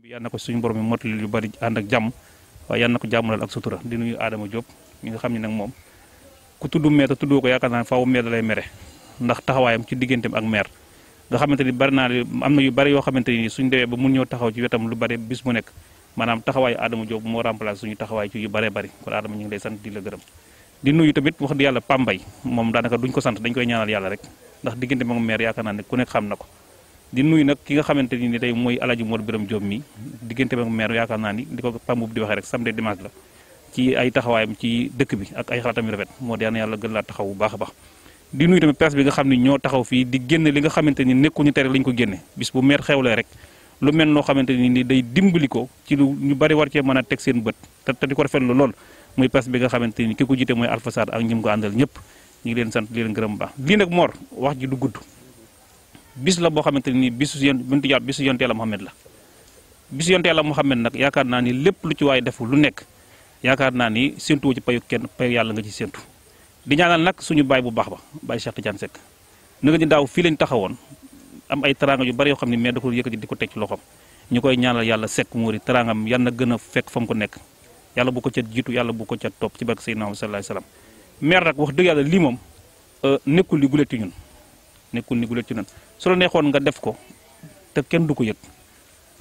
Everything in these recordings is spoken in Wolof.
bi yal na ko suñu borom yi mottali na ko jàmmalal ak sutura di nuyu Adama Diop mi nga xam ne nag tudd meer te tuddoo ko yaakaar naa faaw meer da lay mere ndax taxawaayam ci digganteem ak meer nga xamante ni bari naa am na yu bari yoo xamante ni suñ demee ba mun ñëw taxaw ci wetam lu bari bis mu nekk maanaam taxawaayu Adama Diop moo remplacé suñu taxawaay ci yu baree bari kon Adama ñu ngi lay sant di la gërëm di nuyu tamit wax di yàlla Pambay moom daanaka duñ ko sant dañ koy ñaanal yàlla rek ndax digganteem ak meer yaakaar naa ne ku nekk xam na ko di nuyu nag ki nga xamante ni tey mooy alaji Mor Biram Diop mi diggante ak maire yaakaar naa ni di ko pambub di rek samedi dimanche la ci ay taxawaayam ci dëkk bi ak ay xalaatam yu rafet moo daan yàlla gën laa taxaw bu baax a baax di nuyu tamit presse bi nga xam ne ñoo taxaw fii di génn li nga xamante ni nekkuñu tere lañ ko génne bis bu maire xewlee rek lu mel noo xamante ni ni day dimbali ko ci lu ñu bari war cee mën a teg seen bët te te di ko lu lool muy presse bi nga xamante ni ki ko jiite mooy Alpha Sarr ak ko àndal ñëpp ñu ngi sant leen gërëm baax lii nag Mor wax ji du bis la boo xamante ni bisu yon buntu jaar bisu yonte yàlla Muhammad la bisu yonte yàlla Muhammad nag yaakaar naa ni lépp lu ci waaye defu lu nekk yaakaar naa ni séntuwu ci payu kenn payu yàlla nga ci séntu di ñaanal nag suñu baay bu baax ba baay Cheikh Tidiane Seck na nga ñu daaw fii lañ taxawoon am ay teraanga yu bari yoo xam ne mais dafa yëkkati di ko teg ci loxoom ñu koy ñaanal yàlla Seck muuri teraangam yal na gën a fekk fa mu ko nekk yàlla bu ko ca jiitu yàlla bu ko ca ci barke Seydina Muhammad sallallahu alayhi wasallam maire nag wax dëgg yàlla lii euh, nekkul ni gulet ci nan su la neexoon nga def ko te kenn du ko yëg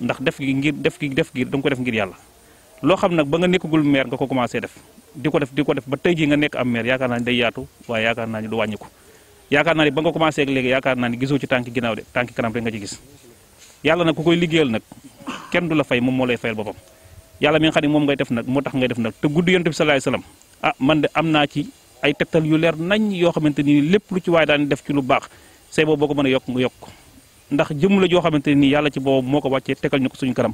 ndax def gi ngir def gi def gi da nga ko def ngir yàlla loo xam nag ba nga nekkagul maire nga ko commencé def di ko def di ko def ba tey jii nga nekk am maire yaakaar naa ni day yaatu waaye yaakaar naa ni du wàññiku yaakaar naa ni ba nga commencé ak léegi yaakaar naa ni gisoo ci tànki ginnaaw de tànki kanam rek nga ci gis yàlla nag ku koy liggéeyal nag kenn du la fay moom moo lay fayal boppam yàlla mi nga ne moom ngay def nag moo tax ngay def nag te gudd yonent ah, man de am naa ci ay tegtal yu leer nañ yoo xamante ni lépp lu ci waaye daan def ci lu baax say boobu boo ko mën a yokk nga yokk ndax jëmm la joo xamante ne nii yàlla ci boobu moo ko wàccee tegal ñu ko suñu kanam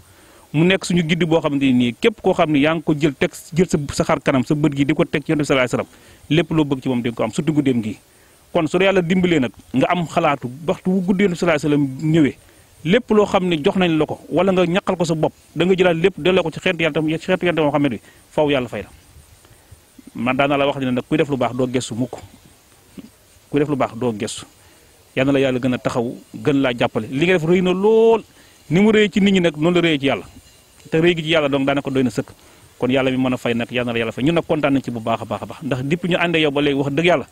mu nekk suñu giddi boo xamante ne nii képp koo xam ne yaa ngi ko jël teg jël sa xar kanam sa bët gi di ko teg ci yonent bi sallallahu alayhi loo bëgg ci ko am surtout guddeem gi kon su yàlla dimbalee nag nga am xalaatu waxtu wu guddi yonent bi sallallahu alayhi wasallam ñëwee lépp loo xam ne jox nañ la ko wala nga ñaqal ko sa bopp da nga jëlaat lépp delloo ko ci xeetu yàlla tam ci xeetu yàlla tam Muhammad bi faw yàlla fay na man daana la wax ne nag kuy def lu baax doo gestu mukk kuy def lu baax doo gestu yal na la yàlla gën a taxaw gën laa jàppale li nga def rëy mu rëy ci nit ñi nag noonu la rëy ci yàlla te rëy yàlla donc daanaka doy na sëkk kon yàlla mi mën a fay nag yal na la yàlla kontaan nañ ci bu baax a baax a baax ndax dipp yàlla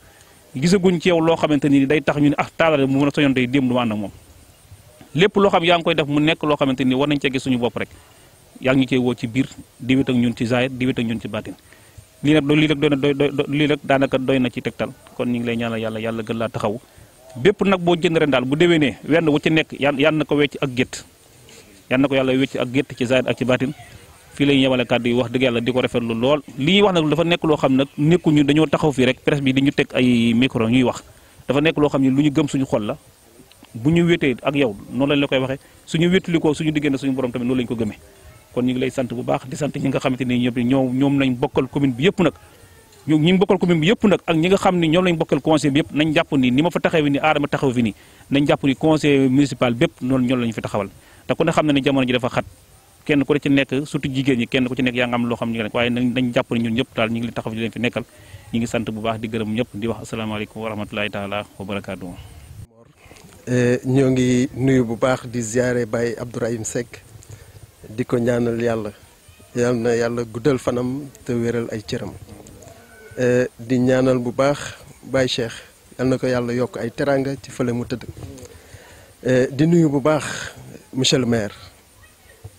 gisaguñ ci loo xamante ni day tax ñu ne ah taalare mu mën a soñoon tey démb du ma ànd ak moom lépp loo xam yaa ngi koy def mu nekk loo xamante ni war nañ cee gis suñu bopp rek yaa ngi cee woo ci biir di wét ak ñun ci zaahir di wét ñun ci baatin lii nag lii rek doy na doy lii rek daanaka doy na ci tegtal kon ñu ngi lay ñaanal yàlla yàlla gën laa taxaw bépp nag boo jënd ren daal bu déwénee wenn wu ci nekk yan yan na ko wecc ak gétt yan na ko yàlla wecc ak gétt ci zaahir ak ci baatin fii la ñu yemale kàddu yi wax dëgg yàlla di ko rafetlu lool li ñuy wax nag dafa nekk loo xam nag nekkuñu dañoo taxaw fii rek presse bi di ñu teg ay micro ñuy wax dafa nekk loo xam ne lu ñu gëm suñu xol la bu ñu wéetee ak yow noonu lañ la koy waxee suñu wéetuli ko suñu diggante suñu borom tamit noonu lañ ko gëmee kon ñu ngi lay sant bu baax di sant ñi nga xamante ni ñëpp ñoom ñoom lañ bokkal commune bi yëpp nag ñi ngi bokkal commune bi yëpp nag ak ñi nga xam ni ñoom lañ bokkal conseil bi yëpp nañ jàpp ni ni ma fa taxawee ni aadama taxaw fi ni nañ jàpp ni conseil municipal bépp noonu ñoom lañu fi taxawal te ku ne xam nekk surtout jigéen ñi kenn ku ci nekk yaa nga am loo xam ne waaye nañ jàpp ni ñun ñëpp daal ñu ngi sant bu baax di gërëm ñëpp di wax asalaamaaleykum wa rahmatulahi taala wa barakaatu eh, ñoo ngi nuyu bu baax di ziare Baye Abdourahim Seck di ko ñaanal yàlla yal na yàlla guddal fanam te wéral ay cëram Eh, di ñaanal bu baax baay Cheikh yal na ko yàlla yokk ay teraanga ci fële mu tëdd eh, di nuyu bu baax monsieur le maire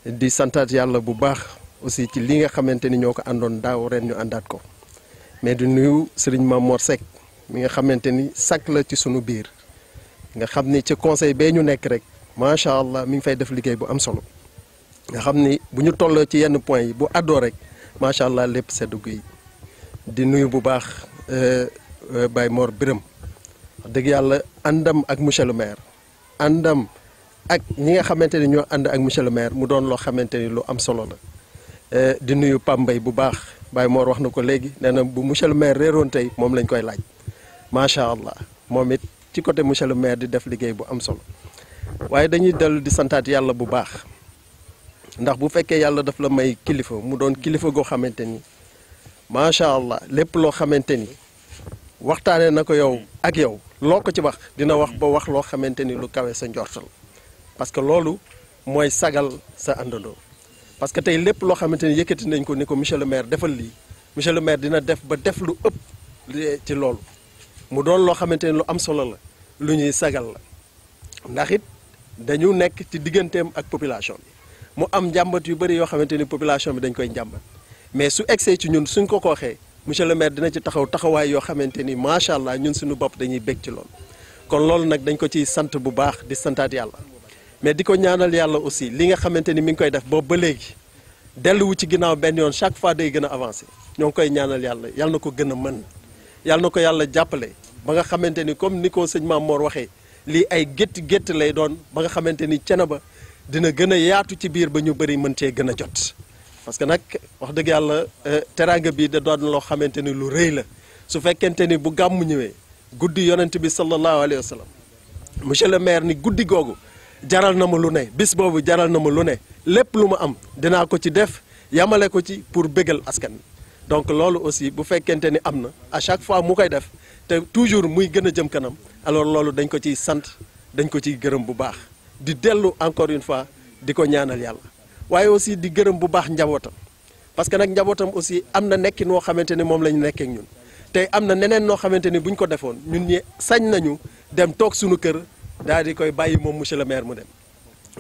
di santaat yàlla bu baax aussi ci li nga xamante ni ñoo ko àndoon daaw ren ñu àndaat ko mais di nuyu Serigne Mamor Seck mi nga xamante ni sakk la ci suñu biir nga xam ni ci conseil bee ñu nekk rek macha allah mi ngi fay def liggéey bu am solo nga xam ni bu ñu toll ci yenn point yi bu àddoo rek macha allah lépp seddu yi di nuyu bu baax euh, euh, Baye Mor Birame dëgg yàlla àndam ak monsieur le maire àndam ak ñi nga xamante ni ñoo ànd ak monsieur le mu doon loo xamante ni lu am solo la euh, di nuyu Pambay bu baax Baye Mor wax na ko léegi nee bu monsieur le maire réeroon tey moom lañ koy laaj macha allah moom it ci côté monsieur le maire di def liggéey bu am solo waaye dañuy dellu di santaat yàlla bu baax ndax bu fekkee yàlla daf la may kilifa mu doon kilifa goo xamante ni. macha allah lépp loo xamante ni waxtaanee na ko yow ak yow loo ko ci wax dina wax ba wax loo xamante ni lu kawe sa njortal parce que loolu mooy sagal sa àndandoo parce que tey lépp loo xamante ni yëkkati nañ ko ni ko monsieur le maire defal lii monsieur le maire dina def ba def lu ëpp ci loolu mu doon loo xamante ni lu am solo la lu ñuy sagal la ndax it dañu nekk ci digganteem ak population bi mu am njàmbat yu bëri yoo xamante ni population bi dañ koy njàmbat mais su egsee ci ñun suñ ko ko waxee monsieur le maire dina ci taxaw taxawaay yoo xamante ni macha allah ñun suñu bopp dañuy bég ci loolu kon loolu nag dañ ko ciy sant bu baax di santaat yàlla mais di ko ñaanal yàlla aussi li nga xamante ni mi ngi koy def boobu ba léegi delluwu ci ginnaaw benn yoon chaque fois day gën a avancé ñoo ngi koy ñaanal yàlla yàlla na ko gën a mën yàlla na ko yàlla jàppale ba nga xamante ni comme ni ko sëñ Maam Mor waxee lii ay gétti gétti lay doon ba nga xamante ni cene ba dina gën a yaatu ci biir ba ñu bëri mën cee gën a jot parce que nag wax dëgg yàlla euh, teraanga bii da doon loo xamante ni lu rëy la su fekkente ni bu gàmmu ñëwee guddi yonent bi sallallahu alayhi wa sallam monsieur le maire ni guddi googu jaral na ma lu ne bis boobu jaral na ma lu ne lépp lu ma am dinaa ko ci def yamale ko ci pour bégal askan bi donc loolu aussi bu fekkente ni am na à chaque fois mu koy def te toujours muy gën a jëm kanam alors loolu dañ ko ciy sant dañ ko ciy gërëm bu baax di dellu encore une fois di ko ñaanal yàlla waaye aussi di gërëm bu baax njabootam parce que nag njabootam aussi am na nekkin noo xamante ne moom la ñu nekkee ñun tey am na neneen noo xamante ni bu ñu ko defoon ñun ñi sañ nañu dem toog suñu kër daal di koy bàyyi moom monsieur le maire mu dem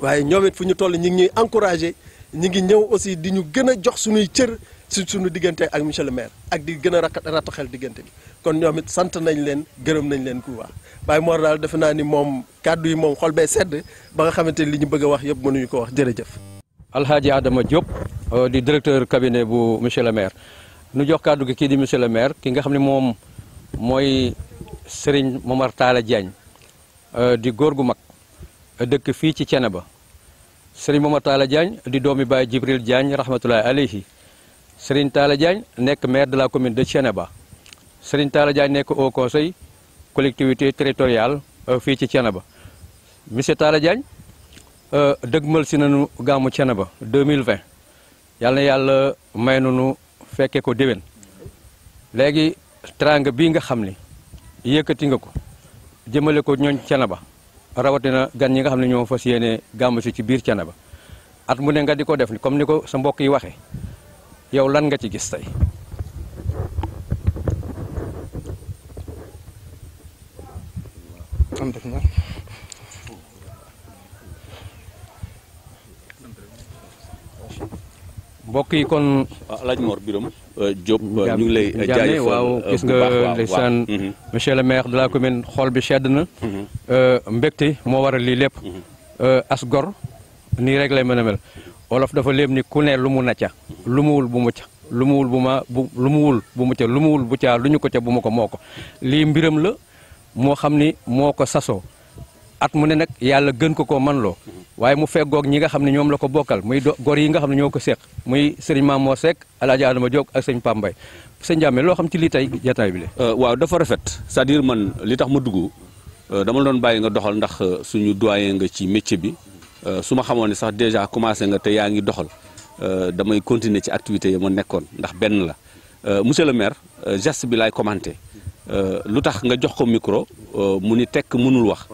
waaye ñoom it fu ñu toll ñi ngi ñuy encouragé ñu ngi ñëw aussi di ñu gën a jox suñuy cër si sunu diggante ak monsieur le maire ak di gën a xel diggante bi kon ñoom it sant nañ leen gërëm nañ leen ku wax waaye Mor daal defe naa ni moom kàddu yi moom xol bee sedd ba nga xamante li ñu bëgg wax yëpp mënuñu ko wax jërëjëf Alhaji Adama Diop euh, di directeur cabinet bu monsieur le maire nu jox kàddu gi kii di monsieur le maire ki nga xam ne moom mooy Serigne Momar Talla Diagne euh, di góor gu mag dëkk fii ci Thiénaba Serigne Momar Talla Diagne di doomi baay Jibril Diagne rahmatullahi alayhi Serigne Talla Diagne nekk maire de la commune de Thiénaba Serigne Talla Diagne nekk au conseil collectivité teritorial euh, fii ci ba monsieur Talla Diagne Euh, dëggmal si nañu gàmmu Thiénaba 2020 yal na yàlla may nañu fekke ko déwén léegi trang bii nga xam ni yëkkati nga ko jëmale ko ñooñ ba rawatina gan ñi nga xam ne ñoo fas yéene gàmmu si ci biir ba at mu ne nga di ko def comme ni ko sa mbokk yi waxe yow lan nga ci gis tey mbokk yi kon. Ah, alaaj Mor Birame euh, Diop euh, ñu ngi lay jaajëfal euh, mhm. monsieur le maire de la commune xol bi sedd na. Mhm. mbégte moo waral lii lépp. Mhm. as gor nii rek lay mën mel wolof dafa léem ni ku ne lu mu nacca lu mu wul bu mu lu mu wul bu ma bu lu mu wul bu mu lu mu wul bu caa lu ñu ko ca bu ma ko moo ko lii mbiram la moo xam ni moo ko sasoo. at mu ne nag yàlla gën ko ko man loo waaye mu feggoog ñi nga xam ne ñoom la ko bokkal muy gor yi nga xam ne ñoo ko séq muy sëriñ Mamour Seck alaajaa Adama Diop ak sëñ Pambay sëñ Jaame loo xam ci lii tey jataay bi la euh, waaw dafa rafet cest à man li tax ma dugg euh, dama doon bàyyi nga doxal ndax euh, suñu doyen nga ci métier bi su ma xamoon ne sax déjà commencé nga te yaa ngi doxal damay continuer ci activité yi ma nekkoon ndax benn la monsieur le maire gest bi laay commenté Euh, lu tax nga jox ko micro euh, mu ni tekk mënul wax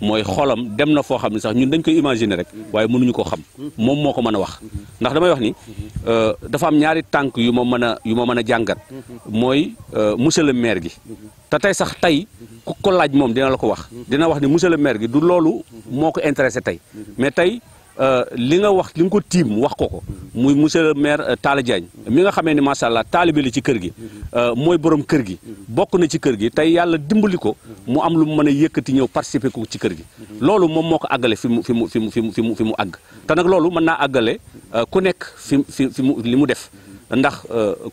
mooy xolam dem na foo xam ne sax ñun dañ koy imaginer rek waaye mënuñu ko xam moom moo ko mën a wax ndax damay wax ni euh, dafa am ñaari tànk yu ma mën a yu ma mën a jàngat mooy monsieur le maire gi te tey sax tey ku ko laaj moom dina la ko wax dina wax ni monsieur le maire gi du loolu moo ko intéressé tey mais tey li nga wax li nga ko tiim wax ko ko muy monsieur le maire euh, Talla Diagne mi nga xamee ni macha allah taalibe la ci kër gi euh, mooy borom kër gi bokk na ci kër gi tey yàlla dimbali ko mu am lu mu mën a yëkkati ñëw participer ko ci kër gi loolu moom moo ko àggale fi mu fi mu fi mu mu fi mu fi mu àgg te nag loolu mën naa àggale euh, ku nekk fi fi fi mu li mu def ndax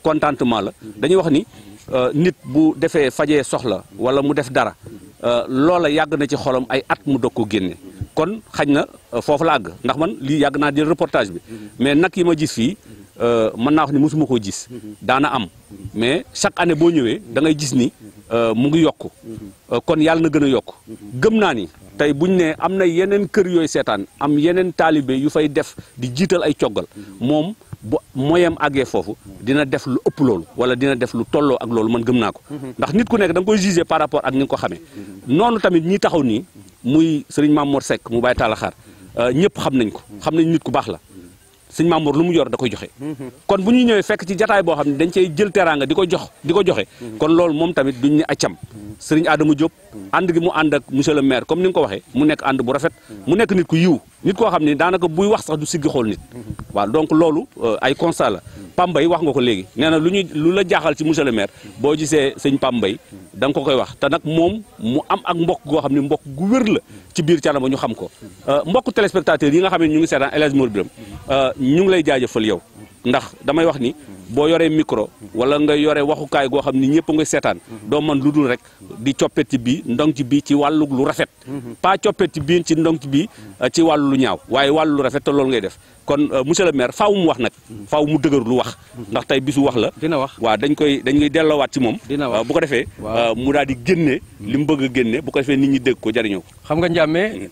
contentement la dañuy wax ni nit bu defee fajee soxla wala mu def dara loola yàgg na ci xolam ay at mu dog ko génne kon xañ na euh, foofu la àgg ndax man lii yàgg naa jël reportage bi mhm. mais nag yi ma gis fii euh, mën naa wax ni mosuma koo gis mhm. daana am mais chaque année boo ñëwee da ngay gis ni mhm. euh, mu ngi yokk kon yàlla na gën a yokk gëm naa ni tey buñ ne am na yeneen kër yooyu seetaan am yeneen taalibe yu fay def di jiital ay coggal moom bu moyen àggee foofu dina def lu ëpp loolu wala dina def lu tolloo ak loolu man gëm naa ko ndax nit ku nekk da nga koy juger par rapport ak ni nga xamee noonu tamit ñi taxaw nii muy sëriñ Mamour Seck mu bàyyi taalaxaar euh, ñëpp xam nañ ko xam nañu nit ku baax la sëñ Mamour lu mu yor da koy joxe kon bu ñuy ñëwee fekk ci jataay boo xam ne dañ cey jël teraanga di ko jox di ko joxe kon loolu moom tamit duñ ne accam sëriñ Adama Diop ànd gi mu ànd ak monsieur le maire comme ni nga ko waxee mu nekk ànd bu rafet mu nekk nit ku yiw nit koo xam ne daanaka buy wax sax du siggi xool nit waaw donc loolu euh, ay constat la wax nga ko léegi nee na lu ñuy lu la jaaxal ci monsieur le maire boo gisee sëñ Pambay da nga ko koy wax te nag moom mu am ak mbokk goo xam ne mbokk gu wér la ci biir Thiénaba ñu xam ko euh, mbokk téléspectateurs yi nga xam ne ñu ngi seetaan El Hadj Mor Birame Euh, ñu ngi lay jaajëfal yow ndax damay wax ni boo yoree micro wala nga yore waxukaay goo xam ni ñëpp nga seetaan doo man lu dul rek di coppet bi bii ndong ci bii ci wàllu lu rafet pas coppet ci bii ci ndong ci bii euh, ci wàllu lu ñaaw waaye wàllu lu rafet te loolu ngay def kon euh, monsieur le maire faaw mu wax nag faw mu dëgër lu wax ndax tey bisu wax la dina wax waaw dañ koy dañ koy delloowaat ci moom bu ko defee mu daal di génne li mu bëgg a bu ko defee nit ñi dégg ko jëriñoo xam nga njàmmee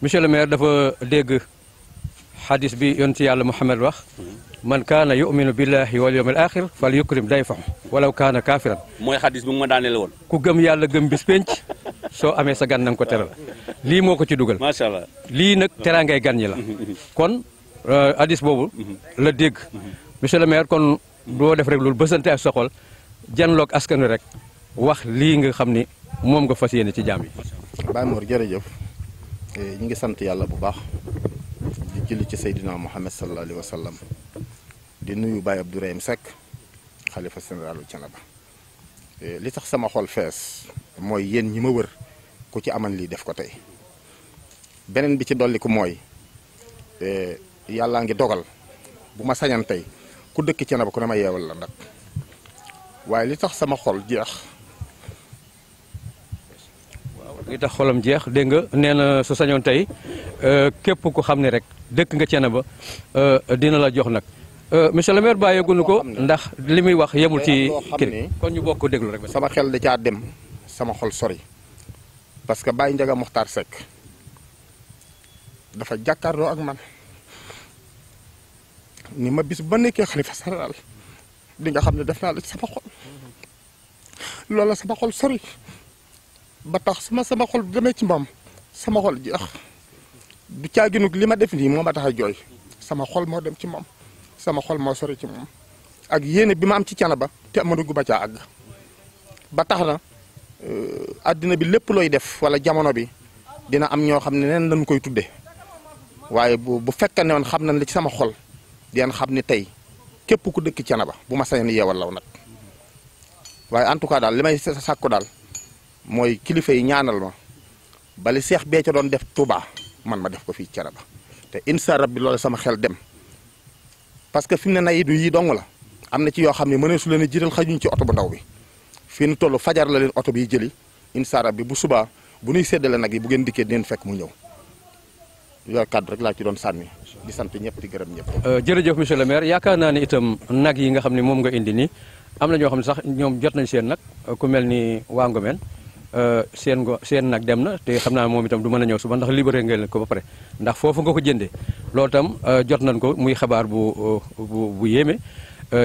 monsieur le maire dafa dégg xadis bi yonent yàlla Muhammad wax man kaana yuminu billahi wal yawmil axir fal yukrim dayfahu walaw kaana kaafiran mooy xadis bi mu ma daaneel woon ku gëm yàlla gëm bis penc soo amee sa gan na nga ko teral lii moo ko ci dugal macha allah lii nag teraangay gan ñi la kon euh, hadis boobu la dégg monsieur le maire kon doo def rek loolu bësante ak soxol janloog askan wi rek wax lii nga xam ni moom nga fas yéene ci jaam yi Baye Mor jërëjëf eh, ñu ngi sant yàlla bu baax julli ci Seydina Muhammad sallallahu alayhi wa sallam di nuyu Baye Abdourahim Seck xalifa sénéralu Thiénaba eh, li tax sama xol fees mooy yéen ñi ma wër ku ci aman lii def ko tey beneen bi ci dolliku mooy eh, yàllaa ngi dogal bu ma sañan tey ku dëkk Thiénaba ku ne yeewal la nag waaye li tax sama xol jeex li tax xolam jeex dégg nga nee na su sañoon tey euh, képp ku xam ne rek dëkk nga cene ba euh, dina la jox nag euh, monsieur le maire bàyyeegunu ko ndax li muy wax yemul ci kii kon ñu bokk déglu rek sama xel da caa dem sama xol sori parce que Baye Ndiaga Mokhtar Seck dafa jàkkaarloo ak man ni ma bis ba nekkee xalifa général di nga xam ne daf naa sama xol loola sama xol sori ba tax su ma sama xol demee ci moom sama xol jeex du caaginug li ma def nii moo ma tax a jooy sama xol moo dem ci moom sama xol moo sore ci moom ak yéene bi ma am ci Thiénaba te amadu gu ba caa àgg ba tax na euh, àddina bi lépp looy def wala jamono bi dina am ñoo xam ne neen lañ koy tuddee waaye bu bu fekkee ne woon xam nañ la ci sama xol dinañ xam ne tey képp ku dëkk Thiénaba bu ma sañoon yeewal law nag waaye en tout cas daal li may sàkku daal mooy kilifa yi ñaanal ma bali seex bee ca doon def Touba man ma def ko fii cere ba te insa bi loolu sama xel dem parce que fi mu ne nay du yii dong la am na ci yoo xam ne mënee su leen a jiital xajuñ ci oto bu ndaw bi fii nu toll fajar la leen oto bi biy jëli insa bi bu suba bu nuy séddale nag yi bu ngeen dikkee dinañ fekk mu ñëw yooyu kàddu rek laa ci doon sànni di sant ñëpp gërëm ñëpp. Euh, jërëjëf monsieur le maire yaakaar naa ne itam nag yi nga xam ne moom nga indi nii am na ñoo xam ne sax ñoom jot nañ seen nag ku mel ni waa Ngomeen Euh, seen ngo seen nag dem na te xam naa moom itam du mën a ñëw suba ndax libéré ngeen ko ba pare ndax foofu nga ko jënde loolu tam euh, jot nañ ko muy xabaar bu euh, bu yéeme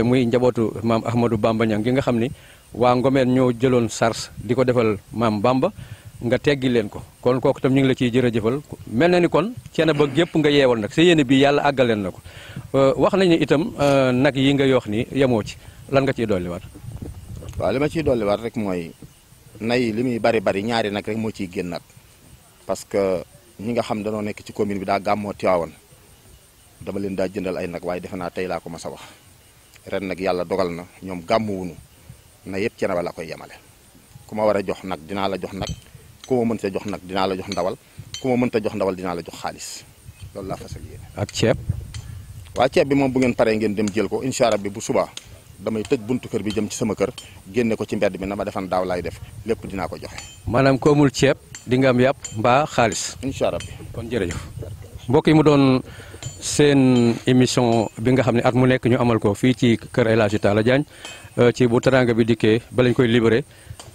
muy njabootu maam Ahmadou Bamba Niang gi nga xam ni waa Ngomeen ñoo jëloon sars di ko defal maam Bamba nga teggi leen ko kon kooku tam ñu ngi la ciy jër a jëfal mel na ni kon ceene ba gépp nga yeewal nag sa yéene bi yàlla àggaleen na ko wax nañu itam nag yi nga yoox ni yemoo ci lan nga ciy dolliwaat. li ma ciy dolliwaat rek mooy. nay li muy bari bari ñaari nag rek moo ciy génnaat parce que ñi nga xam danoo nekk ci commune bi daa gàmmoo Tiwaawan dama leen daa jëndal ay nag waaye defe naa tey laa ko mas a wax ren nag yàlla dogal na ñoom gàmmuwunu na yëpp cere ndawal la koy yemale ku ma war a jox nag dinaa la jox nag ku ma mënta jox nag dinaa la jox ndawal ku ma mënta jox ndawal dinaa la jox xaalis loolu laa fasal yéene. ak ceeb. waa ceeb bi moom bu ngeen paree ngeen dem jël ko incha allah bi bu subaa. damay tëj buntu kër bi jëm ci sama kër génne ko ci mbedd mi na ma defan daaw laay def lépp dinaa ko joxe. maanaam koomul ceeb dinga am yàpp mbaa xaalis. incha rabbi kon jërëjëf mbokk yi mu doon seen émission bi nga xam ne at mu nekk ñu amal ko fii ci kër El Hadji Talla euh, ci bu teraanga bi dikkee ba lañ koy libéré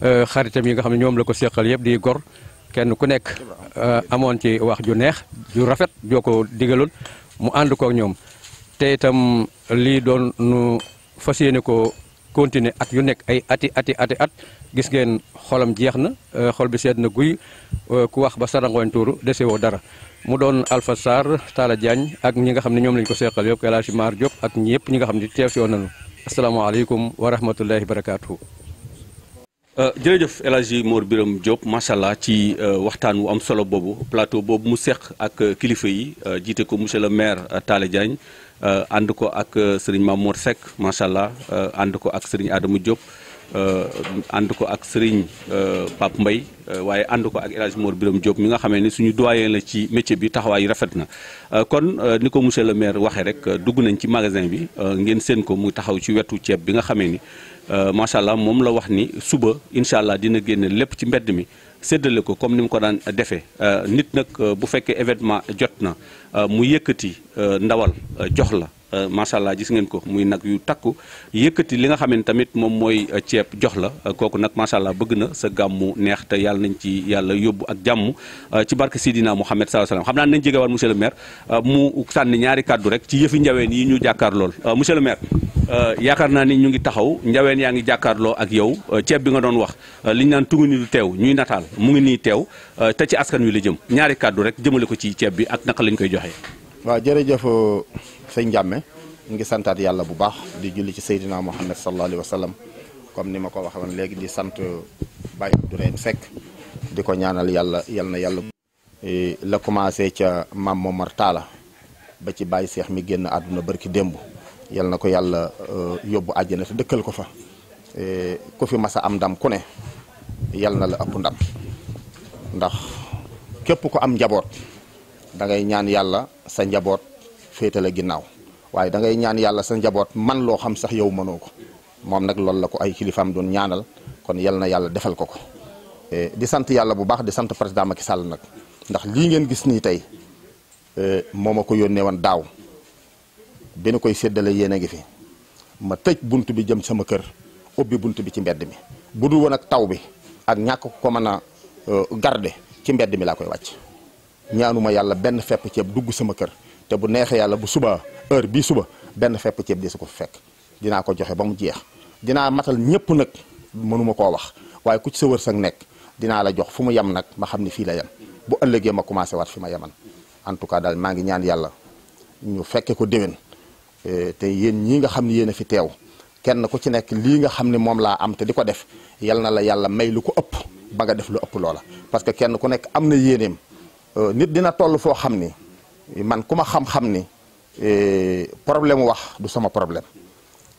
euh, xaritam yi nga xam ne ñoom la ko séqal yëpp di gor kenn ku nekk euh, amoon ci wax ju neex ju rafet joo ko digaloon mu ànd kook ñoom te itam lii doon nu fas yéene ko continuer at yu nekk ay ati ati ati at gis ngeen xolam jeex na euh, xol bi seet na guy euh, ku wax ba sarangoñ tuuru dese woo dara mu doon Alpha Sarr Talla Diagne ak ñi nga xam ne ñoom lañ ko seeqal yëpp El Hadj Mar Diop ak ñëpp ñi nga xam ne teew si woon nañu asalaamaaleykum wa rahmatullahi barakaatu. Euh, jërëjëf El Hadj Mor Biram Diop macha allah ci waxtaan wu am solo boobu plateau boobu mu seq ak kilifa yi jiite ko monsieur le maire Talla Diagne. ànd ko ak euh, sëriñ Mamour Seck macha allah euh, ànd ko ak sëriñ Adama Diop. Euh, ànd ko ak Serigne euh, Pape mbay euh, waaye ànd ko ak El Hadj Mor Birame mi nga xamee ni suñu doyen la ci métier bi taxawaay rafet na kon ni ko monsieur le maire waxee rek dugg nañ ci magasin bi ngeen seen ko mu taxaw ci wetu ceeb bi nga xamee ni macha allah moom la wax ni suba incha allah dina génne lépp ci mbedd mi séddale ko comme ni mu ko daan defee nit nag bu fekkee événement jot na mu yëkkati ndawal jox la. Euh, macha allah gis ngeen ko muy nag yu takku yëkkati li nga xam tamit moom mooy euh, ceeb jox la euh, kooku nag macha allah bëgg na sa gàmmu neex te yàlla nañ ci yàlla yóbbu ak jàmm ci barke Sidina Mouhamed sa alayhi wasallam xam naa nañ jegewal monsieur le mu sànni ñaari kàddu rek ci yëfi njaween yi ñu jàkkaar lool monsieur le maire yaakaar naa ni ñu ngi taxaw njaween yaa ngi jàkkaarloo ak yow ceeb bi nga doon wax li ñu naan tungu ni du teew ñuy nataal mu ngi nii teew te ci askan wi la jëm ñaari kàddu rek jëmale ko ci ceeb bi ak naka lañ koy joxee waaw jërëjëf euh, sëñ Ndiame ñu ngi santaat yàlla bu baax di julli ci Seydina Muhammad sallallahu alayhi wa sallam comme ni ma ko waxoon léegi di sant euh, Baye Abdourahim Seck di ko ñaanal yàlla yal na yàlla. la commencé ca Mam Momar Talla ba ci Baye Seex mi génn àdduna barki démb yal na ko yàlla euh, yóbbu àjjana te dëkkal ko fa ku fi masa am ndam ku ne yal na la ëpp ndam ndax képp ku am njaboot. da ngay ñaan yàlla sa njaboot féetal a ginnaaw waaye dangay ñaan yàlla sa njaboot man loo xam sax yow mënoo ko moom nag loolu la ko ay kilifaam doon ñaanal kon yal na yàlla defal ko ko e, di sant yàlla bu baax di sant président Macky Sall nag ndax lii ngeen gis nii tey e, moo ma ko yónnee wan daaw bi nu koy séddale yéen a ngi fi ma tëj bunt bi jëm sama kër ubbi bunt bi ci mbedd mi bu dul woon ak taw bi ak ñàkk ko mën a e, garde ci mbedd mi laa koy wàcc ñaanuma yàlla benn fepp ceeb dugg sama kër te bu neexee yàlla bu suba heure bii suba benn fepp ceeb di su ko fi fekk dinaa ko joxe ba mu jeex dina matal ñëpp nag mënuma koo wax waaye ku ci sa wërsëg nekk dinaa la jox fu mu yem nag ma xam ne fii la yem bu ëllëgee ma commencé waat fi ma yeman en tout cas daal maa ngi ñaan yàlla ñu fekke ko déwén eh, te yéen ñii nga xam ne yéen a fi teew kenn ku ci nekk lii nga xam ne moom laa am te di ko def yal na la yàlla may ko ëpp ba nga def lu ëpp loola parce que kenn ku nekk am na yéeneem Euh, nit dina toll foo xam ni man ku ma xam-xam ni euh, problème wax du sama problème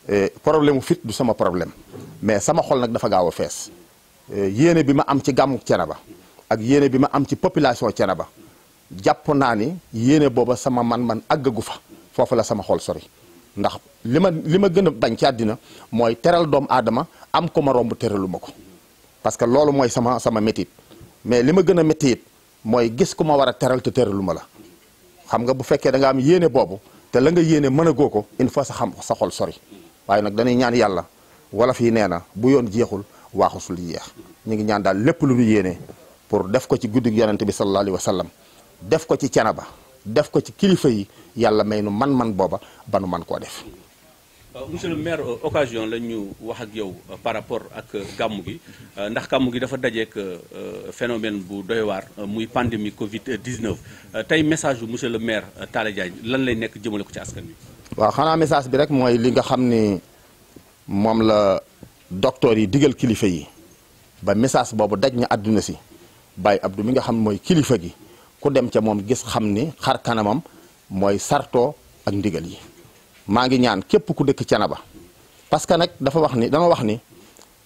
euh, problème fit du sama problème mais sama xol nag dafa gaaw a fees yéene bi ma am ci gàmmu Thiénaba ak yéene bi ma am ci population Thiénaba jàpp naa ni yéene booba sama man-man àggagu fa foofu la sama xol sori ndax li ma li ma gën a bañ ci àddina mooy teral doomu aadama am ko ma romb teraluma ko parce que loolu mooy sama sama métit mais li ma gën a métit mooy gis ku ma war a teral te teralu ma la xam nga bu fekkee da nga am yéene boobu te la nga yéene mën a goo ko une sa xam sa xol sori waaye nag dañuy ñaan yàlla wolof yi nee na bu yoon jeexul waaxusul jeex ñu ngi ñaan daal lépp lu ñu yéene pour def ko ci guddi yonente bi sallallahu alayhi wa sallam def ko ci cana ba def ko ci kilifa yi yàlla may nu man-man booba ba nu man koo def Euh, monsieur le maire euh, occasion la ñu wax ak yow euh, par rapport ak gàmmu gi ndax gàmmu gi dafa dajeek phénomène bu doy waar muy pandémie Covid 19 tey message bu monsieur le maire Talla Diagne lan lay nekk jëmale ko ci askan wi. waaw xanaa message bi rek mooy li nga xam ni moom la docteur yi digal kilifa yi ba message boobu daj na àdduna si Baye Abdou mi nga xam mooy kilifa gi ku dem ca moom gis xam ni xar kanamam mooy sarto ak ndigal yi. maa ngi ñaan képp ku dëkk Thiénaba parce que nag dafa wax ni dama wax ni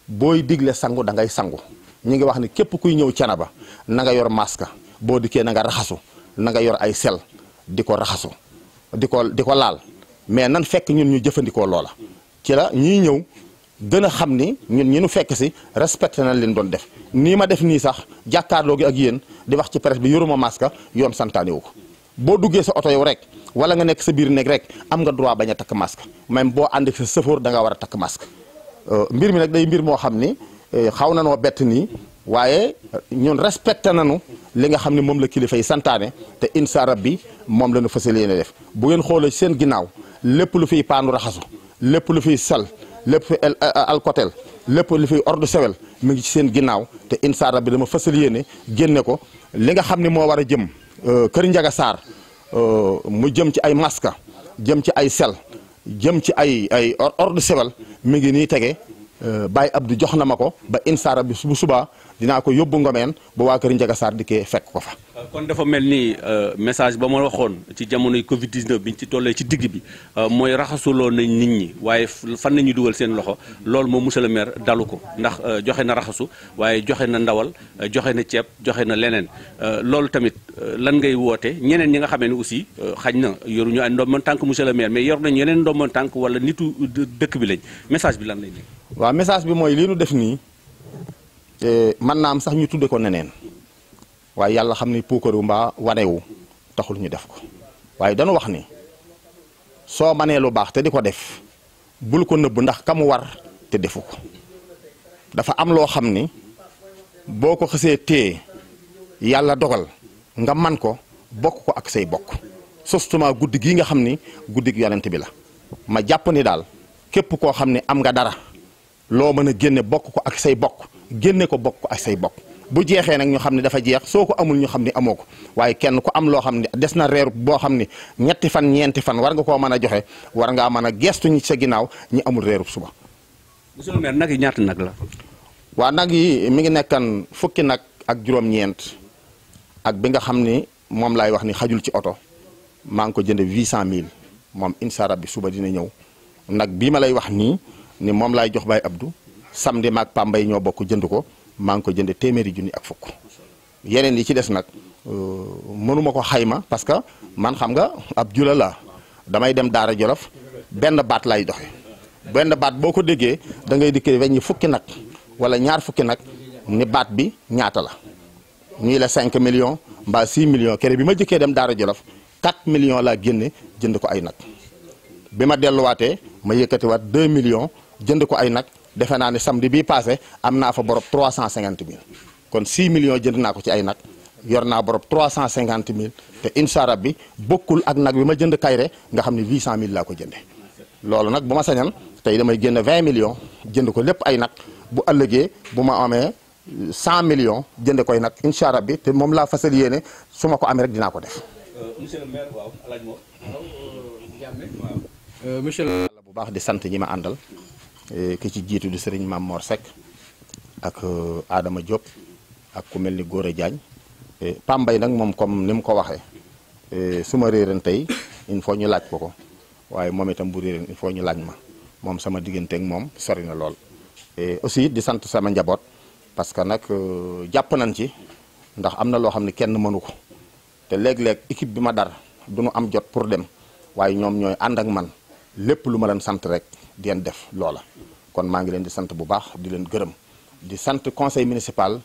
booy digle sangu da ngay sangu ñi ngi wax ni képp kuy ñëw Thiénaba na nga yor masque boo dikkee nanga nga raxasu na nga yor ay sel di ko raxasu di ko di ko laal mais nan fekk ñun ñu jëfandikoo loola ci la ñiy ñëw gën a xam ni ñun ñi nu fekk si respecté nañ leen doon def nii ma def nii sax jàkkaarloo gi ak yéen di wax ci presse bi yoruma maska yoon santaane wu ko boo duggee sa oto yow rek wala nga nekk sa biir nekk rek am nga droit bañ a takk mask même boo ànd sa sëfoor da war a takk masque euh, mbir mi nag day mbir moo xam ni euh, xaw na noo bett nii waaye euh, ñun respecté nañu li nga xam ne moom la kilifa yi santaane te insa rabbi moom la ñu fas yéene def bu ngeen xoolee seen ginnaaw lépp lu fiy paanu raxasu lépp lu fiy sal lépp fi lépp lu fiy ordre mu ngi ci ginnaaw te insa rabbi dama fas yéene génne ko li nga xam ne moo war a jëm kër Njaga Saar Euh, mu jëm ci ay masques jëm ci ay sel jëm ci ay ay ordre de sebal mi ngi nii tege euh, Baye Abdou jox na ma ko ba insaara bi bu subaa dinaa ko yóbbu ngomeen ba waa kër Njaga Saar di dikkee fekk ko fa Euh, kon dafa mel ni euh, message ba ma waxoon ci jamonoy Covid 19 bi ñu ci tollee ci digg bi euh, mooy raxasuloo nañ nit ñi waaye fan nañu dugal seen loxo lool moom monsieur le maire dalu ko ndax joxe na raxasu waaye joxe na ndawal joxe na ceeb joxe na leneen loolu tamit lan ngay woote ñeneen ñi nga xamee ne aussi xañ na yoruñu ay ndomban tànk monsieur le maire mais yor nañ yeneen ndomban tànk wala nitu dëkk bi lañ message bi lan lay nekk. waaw message bi mooy li ñu def nii mën naa am sax ñu tudde ko neneen. waaye yàlla xam ne puukaru mbaa wanewu taxul ñu def ko waaye dañu wax ni soo manee lu baax te di ko def bul ko nëbb ndax kamu war te defu ko dafa am loo xam ni boo ko xësee téye yàlla dogal nga man ko bokk ko ak say bokk sostuma guddi gii nga xam ni guddi gi bi la ma jàpp ni daal képp koo xam ne am nga dara loo mën a génne bokk ko ak say bokk génne ko bokk ak say bokk bu jeexee nag ñu xam ne dafa jeex soo ko amul ñu xam ne amoo ko waaye kenn ku am loo xam ne des na reer boo xam ne ñetti fan ñeenti fan war nga koo mën a joxe war nga mën a gestu ñi sa ginnaaw ñu amul reerub suba. monsieur nag yi ñaata nag la. waa nag yi mi ngi nekkan fukki nag ak juróom ak bi nga xam ni moom laay wax ni xajul ci oto maa ngi ko jënde huit cent mille moom incha bi suba dina ñëw nag bii ma lay wax nii ni moom laay jox Baye Abdou samedi maag Pambay ñoo bokk jënd ko. maa ngi ko jënde téeméeri junni ak fukk yeneen yi ci des nag euh, mënuma ko xayma parce que man xam nga ab jula la damay dem daara jolof benn baat lay doxe benn baat boo ko déggee da ngay dikkee weññi fukki nag wala ñaar fukki nag ni baat bi ñaata la ñuy la 5 millions mbaa 6 millions kere bi ma jëkkee dem daara jolof 4 million laa génne jënd ko ay nag bi ma delluwaatee ma yëkkatiwaat 2 million jënd ko ay nag defe naa ne samedi bii passé am naa fa borob cinquante mille kon 6 millions jënd naa ko ci ay nag yor naa borob 350 mille te incha allah bi bokkul ak nag bi ma jënd kayre nga xam ne 800 mille laa ko jënde loolu nag bu ma sañan tey damay génn vingt millions jënd ko lépp ay nag bu ëllëgee bu ma amee 100 millions jënd koy nag incha allah bi te moom laa fasal yéene su ma ko amee rek dinaa ko def. monsieur le euh, euh, bu baax di sant ñi ma àndal. Eh, ki ci jiitu di sëriñ Mame Mor Seck ak aadama eh, Diop ak ku mel ni Gora Diagne eh, Pambay nag moom comme ni mu ko waxee su ma réeran tey il foo ñu laaj ko ko waaye moom itam bu réeran il faut ñu laaj ma moom sama diggante ak moom sori na lool aussi di sant sama njaboot parce que nag jàpp nañ ci ndax am na loo xam ne kenn mënu ko te léeg-léeg équipe bi ma dar du nu am jot pour dem waaye ñoom ñooy ànd ak man lépp lu ma leen sant rek di leen def loola kon maa ngi leen di sant bu baax di leen gërëm di sant conseil municipal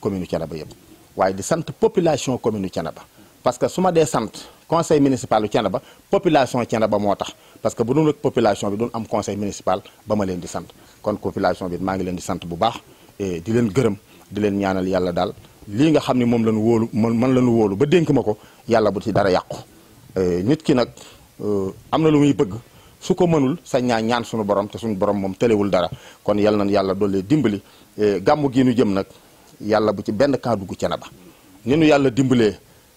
commune Thiénaba yëpp waaye di sant population commune Thiénaba parce que su ma dee sant conseil municipal bu Thiénaba population Thiénaba moo tax parce que bu dul rek population bi doon am conseil municipal ba ma leen di sant kon population bi maa ngi leen di sant bu baax di leen gërëm di leen ñaanal yàlla daal lii nga xam ne moom lañu wóolu man lañu wóolu ba dénk ma ko yàlla bu ci dara yàqu nit ki nag euh, am na lu muy bëgg su ko mënul sañ naa ñaan suñu borom te suñu borom moom tëlewul dara kon yal nañ yàlla doole dimbali e, gàmmu gi nu jëm nag yàlla bu ci benn kaa dugg cene ba ni yàlla dimbalee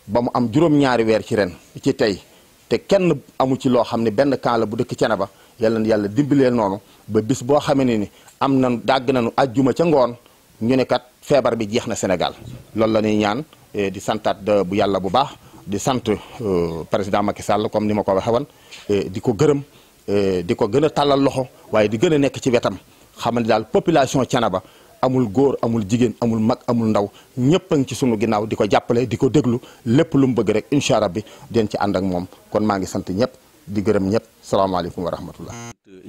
ba mu am juróom weer ci ren ci tey te kenn amu ci loo xam ne benn kaa bu dëkk cene ba yal na yàlla dimbalee noonu ba bis boo xamee ne ni am na dàgg na nañu ajjuma ca ngoon ñu ne feebar bi jeex na Sénégal loolu la ñuy ñaan e, di santaat bu yàlla bu baax di sant e, président Macky Sall comme ni ma ko waxee di ko gërëm. Eh, di ko gën a tàllal loxo waaye di gën a nekk ci wetam xamal daal population Thiénaba amul góor amul jigéen amul mag amul ndaw ñëpp a ngi ci sunu ginnaaw di ko jàppale di ko déglu lépp lu mu bëgg rek incha allah bi den ci ànd ak moom kon maa ngi sant ñëpp di gërëm ñëpp. salaamaaleykum wa rahmatullah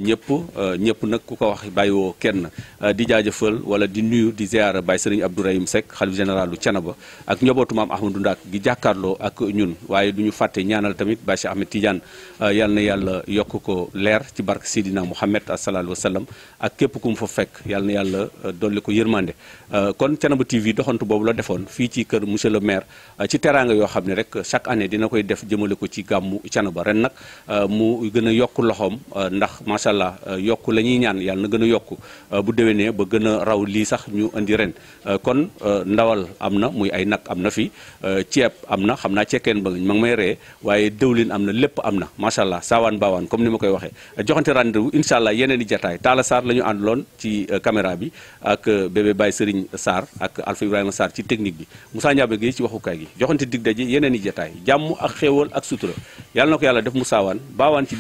ñëpp euh, ñëpp nag ku ko wax bàyyiwoo kenn euh, di jaajëfal wala di nuyu di ziara Baye Serigne Abdourahim Seck xalif général lu Thiénaba ak njobootu maam Ahmadou Ndak gi jàkkaarloo ak ñun waaye du ñu fàtte ñaanal tamit Baye Cheikh Ahmed Tidiane euh, yal na yàlla yokk ko leer ci barke Sidina Mouhamed sallallahu alayhi wa sallam ak képp ku mu fa fekk yal na yàlla dolli ko yërmande kon Thiénaba TV doxantu boobu la defoon fii ci kër monsieur le maire ci teraanga yoo xam ne rek chaque année dina koy def jëmale ko ci gàmmu Thiénaba ren nag mu a yokk loxoom euh, ndax macha allah euh, yokk la ñuy ñaan yàlla na gën a yokk euh, bu déwénee ba gën a raw lii sax ñu indi ren kon ndawal am na muy ay nag am na fi ceeb am na xam naa cekeen ba ma ngi may ree waaye dëwlin am na lépp am na macha allah saawaan baawaan comme ni ma koy waxee joxante rendez-vous incha allah yeneen i jataay Talla saar la ñu loon ci caméra bi ak bébé Baye Serigne Sarr ak Alpha Ibrahima Sarr ci technique bi Moussa Ndiabe Gueye ci waxukaay gi joxante dig daje yeneen i jataay jàmm ak xéewal ak